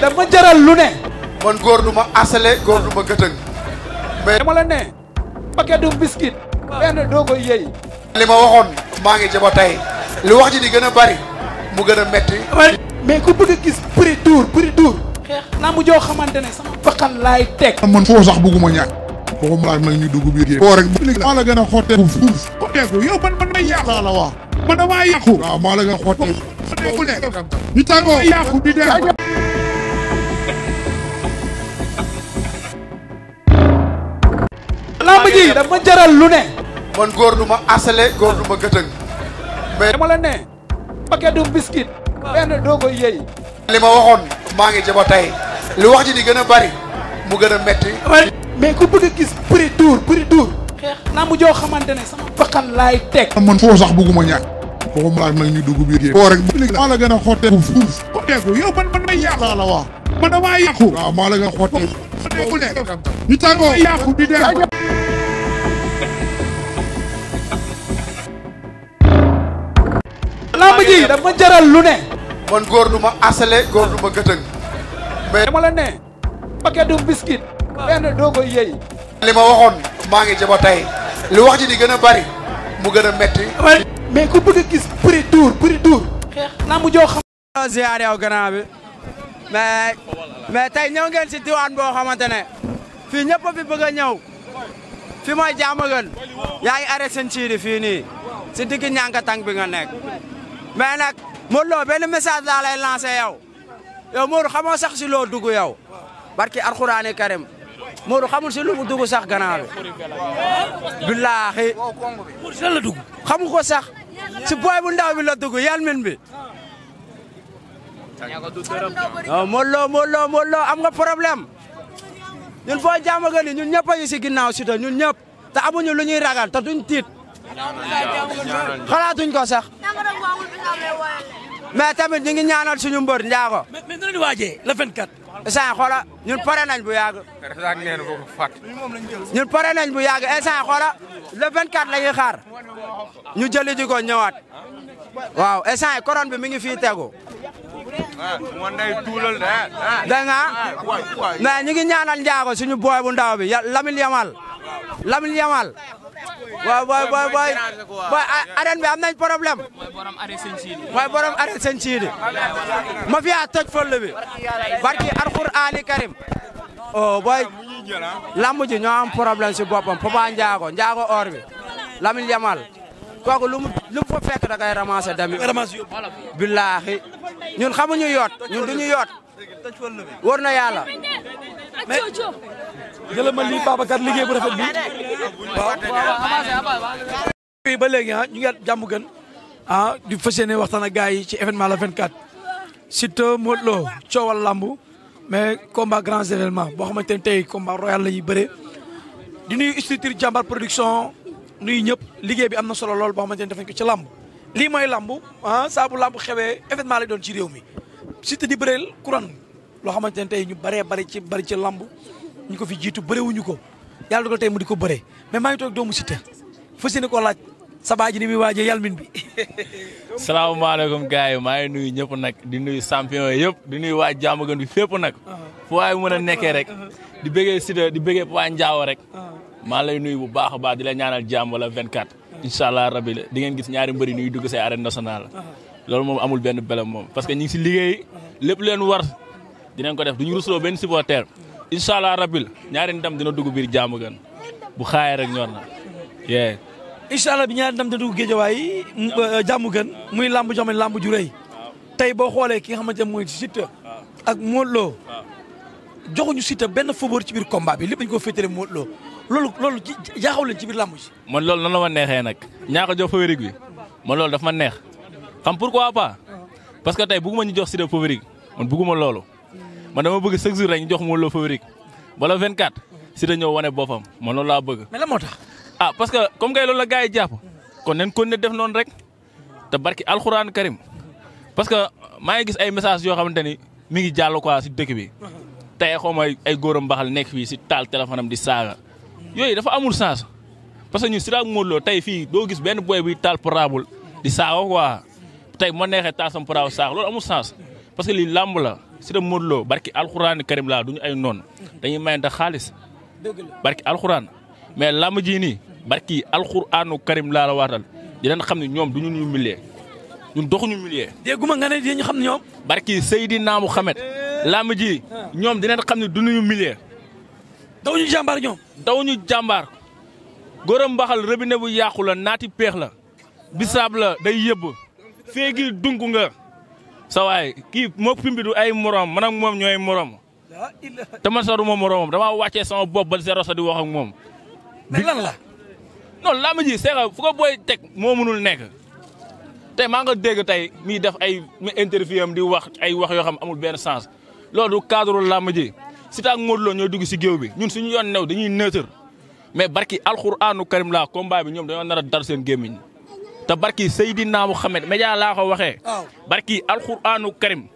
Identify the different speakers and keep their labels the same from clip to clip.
Speaker 1: lii dama jaral lu ne. man góor du ma asale góor du ma gëtëng. mais dama la ne. paquet du biscuit. benn doo koy yëy. li ma waxoon maa ngi jaba tey. li wax ji di gën a bari mu gën a metti mais ku bëgg a gis prix dur prix dur. xeex naa mu joo xamante ne sama bakkan laay teg. man foo sax bëgguma ñàkk. waxuma laaj nag ñu dugg biir kii. koo rek maa la gën a xottee. fuuf xotteeku yow man man may yàqu. la wax man damaa yàqu. waaw maa la gën a xottee. ñu tàngoo yàqu di dem. lii dama jaral lu ne. man góor du ma asale góor du ma gëtëng. mais dama la ne. paquet du biscuit. benn doo ko yëy. li ma waxoon maa ngi jaba tey. li wax ji di gën a bari mu gën a metti. mais ku bëgg a gis prix dur prix dur. xeex naa mu joo xamante ne sama bakkan laay teg. man foo sax bugguma ma waxuma laaj nag ñu dugg biir yéen. rek léegi maa la gën a xotteeku fuuf. xotteeku yow man man may yàqu. la wax man damaa yàqu. waaw maa la gën a xotteeku. xotteeku nekk ñu tàggoo yàqu lamb ji jaral lu ne. man góor du ma asale góor du ma gëtëng. mais dama la ne. paquet du biscuit. benn doo ko li ma waxoon maa ngi jaba tey. li wax ji di gën a bari mu gën a metti. mais ku bëgg gis prix duur prix duur. xeex lamb joo xam. ziar yow gannaaw bi.
Speaker 2: mais tey ñëw ngeen si diwaan boo xamante ne. fii ñëpp fi bëgg a ñëw. fi mooy jàmm gën. yaa ngi arrêté seen ciiri fii nii. si digg ñànk bi nga nekk. mais nag Modou Lo benn message laa lay lancé yow yow Modou sax si loo dugg yow barki alxuraani e karim Modou xamul si lu mu dugg sax gannaaw
Speaker 1: bi. billaahi. lan la dugg.
Speaker 2: xamu ko sax si booy bu ndaw bi la dugg yal min bi. non Modou Lo Modou am nga problème ñun boo jàmm gani ñun ñëpp a si ginnaaw si te ñun ñëpp te amuñu lu ñuy ragal te duñ tiit. xalaatuñ ko sax. mais tamit ñu ngi ñaanal suñu mbër Ndiago. mais mais dinañu ñun pare nañ bu yàgg. rek ñun pare nañ bu yàgg instant xoola le 24 la xar ñu jëli ji ko ñëwaat waaw instant yi bi mi ngi fii tegu. moom day tuulal de. dégg nga ñu ngi ñaanal Ndiago suñu booy bu ndaw bi ya Lamine Yamal Lamine waay waay waay waay waay arène bi am nañ problème. mooy borom arène sëñ Siidi. mooy borom arène sëñ fi a toj fëll bi. barki alxuraan al karim. oh booy. lamb ji ñoo am problème si boppam Papa Ndiago Ndiago or bi. Lamine Yamal. kooku lu mu lu mu fa fekk dami. billaahi ñun xamuñu yoot ñun duñu yoot. wóor na yàlla. jëlal ma lii liggéey bu rafet bi waaw ba léegi ah ñu ngi at jàmm gën ah di fas yéene waxtaan ak gars yi ci événement la 24 Siteu Modou Lo coowal lamb mais combat grands événements boo xamante ne tey combat royal la bëree di nuyu structure jàmbar production nuyu ñëpp liggéey bi am na solo lool boo xamante ne def ci lamb lii mooy lamb ah saa bu lamb xewee événement lay doon ci réew mi Siteu di bëreel couronne loo xamante ne tey ñu bëree bëri ci bëri ci lamb ñu ko fi jiitu bëriwuñu ko yàlla dogal tey mu di ko bëre mais maa ngi toog doomu Siteu fas yéene koo laaj sabaa ji ni muy waajee yalmin bi.
Speaker 3: salaamaaleykum gars yi maa ngi nuyu ñëpp nag di nuyu champion yëpp di nuyu waa Diamaguène bi fépp nag. Uh-huh. fu waay mën a uh-huh. nekkee rek. Uh-huh. di bëggee Siteu di bëggee Papa Ndiaw rek. maa lay nuyu bu baax a baax di la ñaanal jàmm wala 24. incha allah rabi di ngeen gis ñaari mbëri nuy dugg say arène national loolu moom amul benn belem moom parce que ñu ngi si liggéey lépp leen war dinañ ko def duñu rusloo benn supporter incha allah rabil ñaari ndam dina dugg biir jaamu gën bu xaayee rek ñor na yee.
Speaker 2: incha allah bi ñaari ndam dina dugg géejawaay euh, jaamu gën muy lamb joo lamb ju rëy tey boo xoolee ki nga xamante ne mooy Siteu ak Modou Lo joxuñu Siteu benn faveur ci biir combat bi lépp dañu ko féetale Modou Lo loolu loolu jaaxaw ci biir làmb ji.
Speaker 3: man loolu noonu la ma neexee nag ñaaka jox favori bi man loolu daf ma neex xam pourquoi pas parce que tey bëgguma ñu jox Siteu favori man bëgguma loolu. man dama bëgg chaque jour rek ñu jox Modou Lo favori bala 24 Siteu ñëw wane boppam man loolu laa bëgg. mais moo tax. ah parce que comme kay loolu la gaa yi jàpp kon nañ ko ne def noonu rek te barki alxuraan karim parce que maa ngi gis ay message yoo xamante ni mi ngi jàll quoi si dëkk bi te xaw ma ay góoram baxal nekk fii si taal téléphone am di saaga yooyu dafa amul sens parce que ñun Siteu ak Modou tey fii doo gis benn boy bi taal portable di saaga quoi tey ma neexee taal sama portable saaga loolu amul sens parce que làmb la. Siteu Modou barki alxuraan karim laa du ñu ay noon dañuy mayante xaalis barki alxuraan mais làmb ji nii barki alxuraanu karim laa la di dinañ xam ne ñoom du ñu ñu millier ñun doxuñu millier. dégguma nga ne ñu xam ne ñoom. barki Seydina Muhammad eh. làmb ji ñoom dinañ xam ne du ñu millier. dawuñu jàmbaar ñoom. dawuñu jàmbaar góoram mbaxal robinet bu yàqu la naati peex la bisaab la day yëbb feegi dunk nga. sa kii moog pim bi du ay morom man ak moom ñoo morom te man sax du ma moromam dama wàccee sama bopp ba zéro di wax ak moom. mais lan la. non làmb ji booy teg moo mënul nekk tey maa nga dégg tey miy def ay interview am di wax ay wax yoo xam amul benn sens loolu du cadre làmb ji Siteu ak ñoo dugg si géew bi ñun suñu yoon new dañuy neutre mais barki alxuraanu karim la combat bi ñoom dañoo nara a dar seen gémmiñ te barki Seydina Muhammad média laa ko waxee. barki alquranu karim.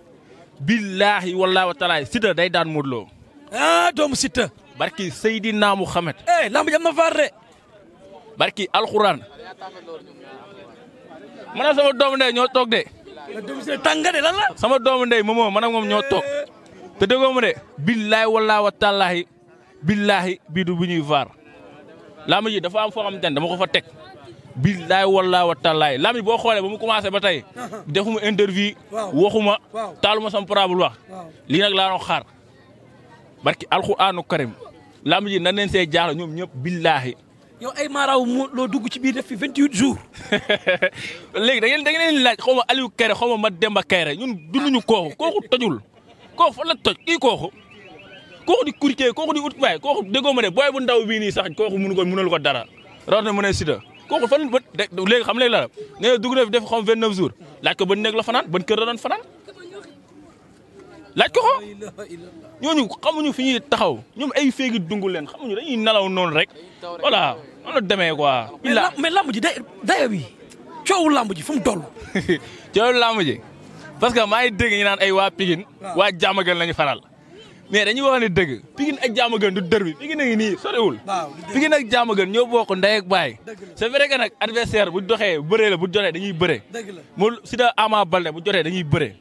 Speaker 3: billaahi wallaahi wa taala Siteu day daan Modou ah, doomu Siteu. barki Seydina Muhammad. eh lamb am na faar de. barki alquran. man sama doomu ndey ñoo toog de. tànga de sama doomu ndey moom man ak ñoo toog. Eh. te déggoo mu de. billaahi wallaahi wa billaahi bii du bu ñuy dafa am foo xamante ne teg. billaay wallaay wa tallaay Lamine boo xoolee ba mu commencé ba tey defuma interview waxuma taaluma sama portable wax lii nag laa doon xaar barki alxuraanu karim Lamine ji nan leen se jaaxle ñoom ñëpp billaahi yow ay maaraaw moo loo dugg ci biir def fi 28 jours. léegi da ngeen da laaj xaw ma Aliou Kéré xaw ma Mademba Kéré ñun dunduñu kooku kooku tojul kooku fan la toj kii kooku. kooku di courtier kooku di ut waay kooku déggoo booy bu ndaw bii nii sax kooku mënu ko mënul ko dara rawatina mu kooku fan ba léegi xam léegi la nee na dugg na fi def xam 29 jours laaj ko ban néeg la fanaan ban kër la doon fanaan laaj ko ko ñooñu xamuñu fi ñuy taxaw ñoom ay féegi dungu leen xamuñu dañuy nelaw noonu rek voilà noonu la demee quoi. illa mais lamb ji day dayo bi coowu lamb ji fu mu toll. coowu lamb parce que maa ngi dégg ñu naan ay waa Pikine waa Diamaguène lañu faral. mais dañuy wax ne dëgg Pikine ak Diamaguène du dër bi Pikine a ngi nii soriwul Pikine ak Diamaguène ñoo bokk ndey ak baay c'est vrai que nag adversaire bu doxee bëree la bu jotee dañuy bëree mu si da Ama Baldé bu jotee dañuy bëree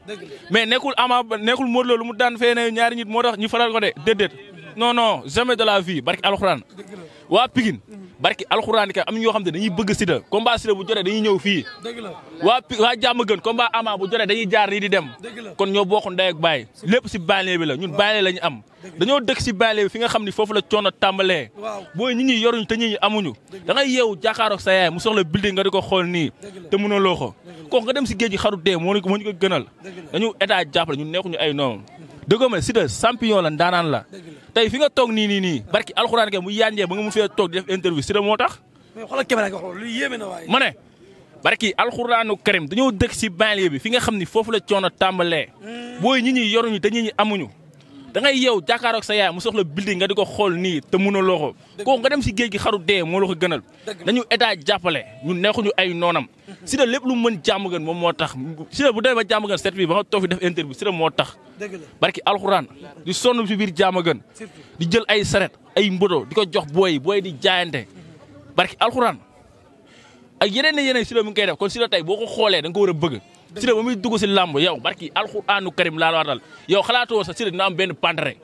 Speaker 3: mais nekkul Ama nekkul Modou Lo lu mu daan fee ne ñaari nit moo tax ñu faral ko de déedéet non non jamais de la vie barki alxuraan. waa Pikine barki alxuraan kay am na xam ne dañuy bëgg Siteu combat Siteu bu jotee dañuy ñëw fii. waa Pi waa jàmm gën combat Ama bu jotee dañuy jaar nii di dem. kon ñoo bokk ndey ak baay lépp si banlieue bi la ñun banlieue lañu am. dañoo dëkk si baale bi fi nga xam ne foofu la coono tàmbalee. booy ñi ñuy yoruñu te ñi ñi amuñu. da ngay yeewu jàkkaaroog sa mu soxla building nga di ko xool nii. te mënuloo ko kooku nga dem si géej gi xaru dee moo ñu ko gënal. dañu état jàppale ñun nekkuñu ay noonu. dëggoo ma Siteu champion la ndaanaan la tey fi nga toog nii nii nii barki alxuraan ke mu yaanjee ba nga mu fee toog di def interview si moo tax. mais na waaye. ma ne barki alxuraanu karim dañoo dëkk si banlieue bi fi nga xam ni foofu la coono tàmbalee. Hmm. booy ñi ñi yoruñu te ñi ñi amuñu da ngay yow jàkkaaroog sa yaay mu soxla building nga di ko xool nii te mënuloo ko. dëgg kooku nga dem si géej gi xaru dee moo la ko gënal. nañu état jàppale ñu neexuñu ay noonam. Mhm. si lépp lu mën jàmm gën moom moo tax si bu demee ma jàmm gën set bi ba nga toog fi def interview si moo tax. dëgg la barki alxuraan di sonn si biir jàmm gën. di jël ay saret ay mbodo di ko jox booy booy di jaayante. barki alxuraan ak yeneen yeneen si da mu ngi koy def kon si da tey boo ko xoolee da nga ko Siteu ba muy dugg si làmb yow barki alxuraanu karim laa la waatal yow xalaatu woon sax Siteu dina am benn pantere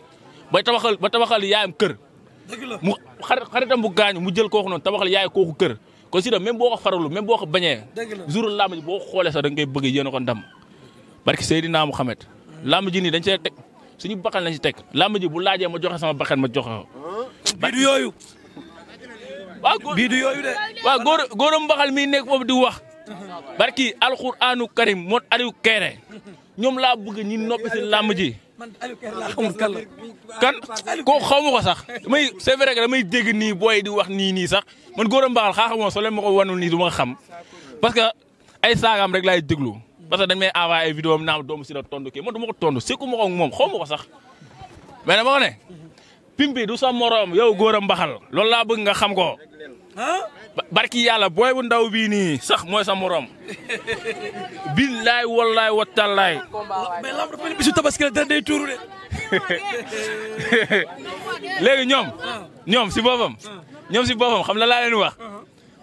Speaker 3: ba tabaxal ba tabaxal yaayam kër mu xaritam bu gaañu mu jël kooku noonu tabaxal yaay kooku kër kon Siteu même boo ko faralu même boo ko bañee jour làmb ji boo xoolee sax da ngay bëgg yéen a ko ndam barki Seydina Muhammad làmb ji nii dañ see teg suñu bakkan lañ si teg làmb ji bu laajee ma joxe sama bakkan ma joxe ko bii du yooyu waaw bii du yooyu mi nekk foofu di wax barki alxuraanu karim moo Aliou Kéré ñoom laa bëgg ñi noppi si ji. man Aliou Kéré kan la. xaw ma ko sax damay c'est vrai que damay nii booy di wax nii nii sax man góor a mbaxal xaaxa moo soo leen ma ko wanul nii du ma xam parce que ay saagaam rek laay déglu. parce que dañ may ay vidéo am naam doomu si la tontu kii man du ma ko tontu moom xaw ma sax mais dama ko ne. du sa morom yow góor a loolu laa bëgg nga xam ko. barki yàlla booy bu ndaw bii nii sax mooy sa morom. billaay wallaay laay mais lamb dafa mel ni bisu tabaski la dara day tuuru de. ñoom. ñoom si boppam. ñoom si boppam xam la laa leen wax.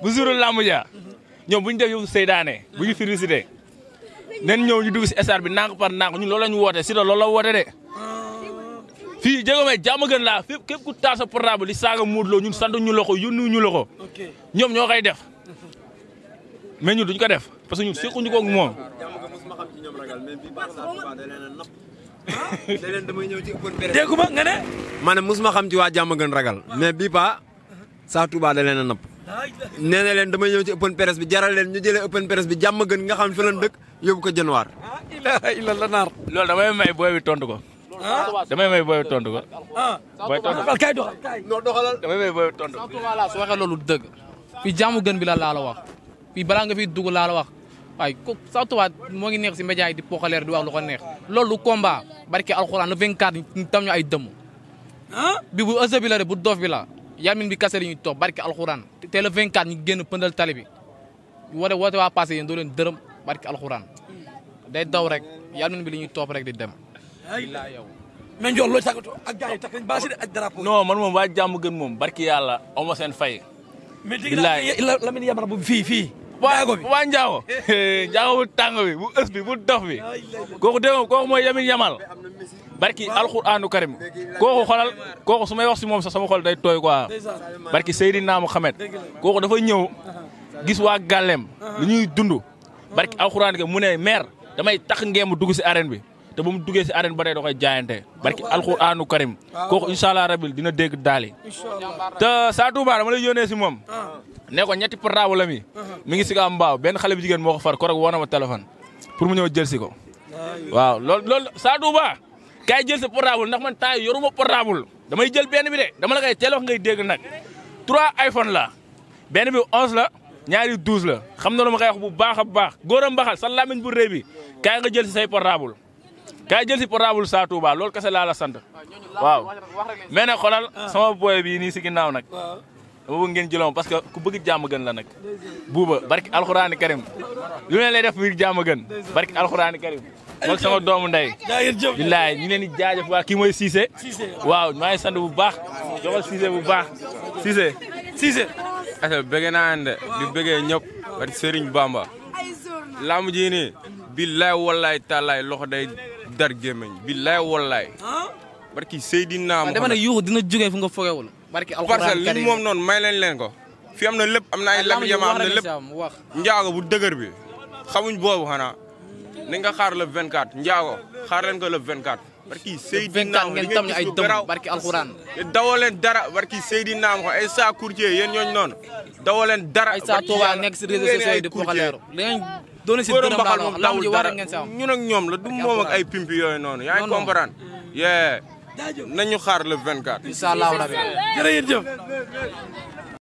Speaker 3: bu suuru lamb ja ñoom bu ñu yow seydaane bu ñu félicité. nen ñëw ñu dugg si stade bi nànk par nànk ñun loolu la ñu woote si la loolu la woote de. fii jéego may jàmm gën laa fépp képp ku taal sa portable di saaga Modou ñun sant ñu la ko yónnu ñu la ko ñoom ñoo koy def mais ñun duñ ko def
Speaker 2: parce que ñun sequñu ko ak moom. ku ma nga ne. maanaam mosuma xam ci waa jàmm ragal mais bii paa saa Touba leen a napp. nee na leen damay ñëw ci open press bi jaral leen ñu jëlee open press bi jàmm gën nga xam fi lan dëkk yóbbu ko jënwaar. ah Ilaah la naar. loolu damay may booy bi tontu ko.
Speaker 3: damay may booy tontu ko. booy tontu ko kay doxal kay. non doxalal may booy tontu ko. su waxee loolu dëgg. bi la laa la wax fii balaa nga fiy dugg laa la
Speaker 2: wax waaye ku moo ngi neex si média yi di poxaleer di wax lu ko neex. loolu combat ay dëmm. bi bu ësë bi la de bu doof bi la
Speaker 3: yamin bi kase li ñuy toog barke alxuraan te le 24 ñu génn pëndal tali bi woote woote waa passé yéen doo leen dërëm barke alxuraan day daw rek yamin bi li ñuy topp rek di dem.
Speaker 2: illaa yow. mais ak gars yi takk nañ
Speaker 3: baasi man moom waa jàmm gën moom barki yàlla amoo seen fay. illaa mais
Speaker 2: dégg naa fii
Speaker 3: fii. njaago bi waa njaago. njaago bu tàng bi bu ës bi bu dof bi kooku dégg kooku mooy Lamine Yamara barki alquranu karim kooku xolal kooku su may wax si moom sax sama xol day tooy quoi barki Seydina Muhammad kooku dafa ñëw gis waa gàllem lu ñuy dund barki alquran ke mu ne maire damay tax ngeen mu dugg si arène bi te ba mu duggee si arène ba tey da koy jaayante barki alxuraanu karim kooku incha allah rabil dina dégg daali te saa Touba dama lay yónnee si moom ah. ne ko ñetti portable la mi ah. mi ngi si kaa mbaaw benn xale bu jigéen moo ko far ko woo na ma téléphone pour mu ñëw jël si ko waaw loolu loolu saa Touba kaay jël sa portable ndax man temps yoru ma portable damay jël benn bi de dama la koy teel wax ngay dégg nag trois iPhone la benn bi onze la ñaari douze la xam na lu ma koy bu baax a baax góor a sa lamiñ bu rëy bi kaay nga jël say portable kaay jël si portable Sa loolu kese laa la sant waaw mais nag xoolal sama booy bii nii si ginnaaw nag ngeen jëloon parce que ku bëgg jàmm gën la nag buuba barki alxuraani karim lu leen lay def muy jàmm gën barki alxuraani karim moom sama doomu ndey billaay ñu leen di jaajëf waa kii mooy waaw maa ngi sant bu baax joxal Cissé bu baax Cissé Cissé asa bëgg naa de di bëggee ñëpp barki Serigne Bamba laamu ji billaay wallaay tàllaay loxo day dar gémmiñ billaay wallaay barki Seydina Muhammad dama ne
Speaker 2: yuuxu dina jógee fu nga fogeewul barki alxuraan kariim moom
Speaker 3: noonu may leen leen ko fi lépp am na ay lam yama am na lépp njaago bu dëgër bi xamuñ boobu xanaa ni nga xaar le 24 njaago xaar leen ko le 24 barki Seydina ngeen tam ñu ay dëmm barki alxuraan dawoo leen dara barki Seydina Muhammad ay saa courtier yéen ñooñu noonu dawoo leen dara ay saa toobaa nekk si réseaux sociaux yi di poxaleeru doon na si dërëm laa wax lamb ak ñoom la du moom ay pimpi yooyu noonu yaa ngi yee nañu xaar le 24 incha allah rabbi jërëjëf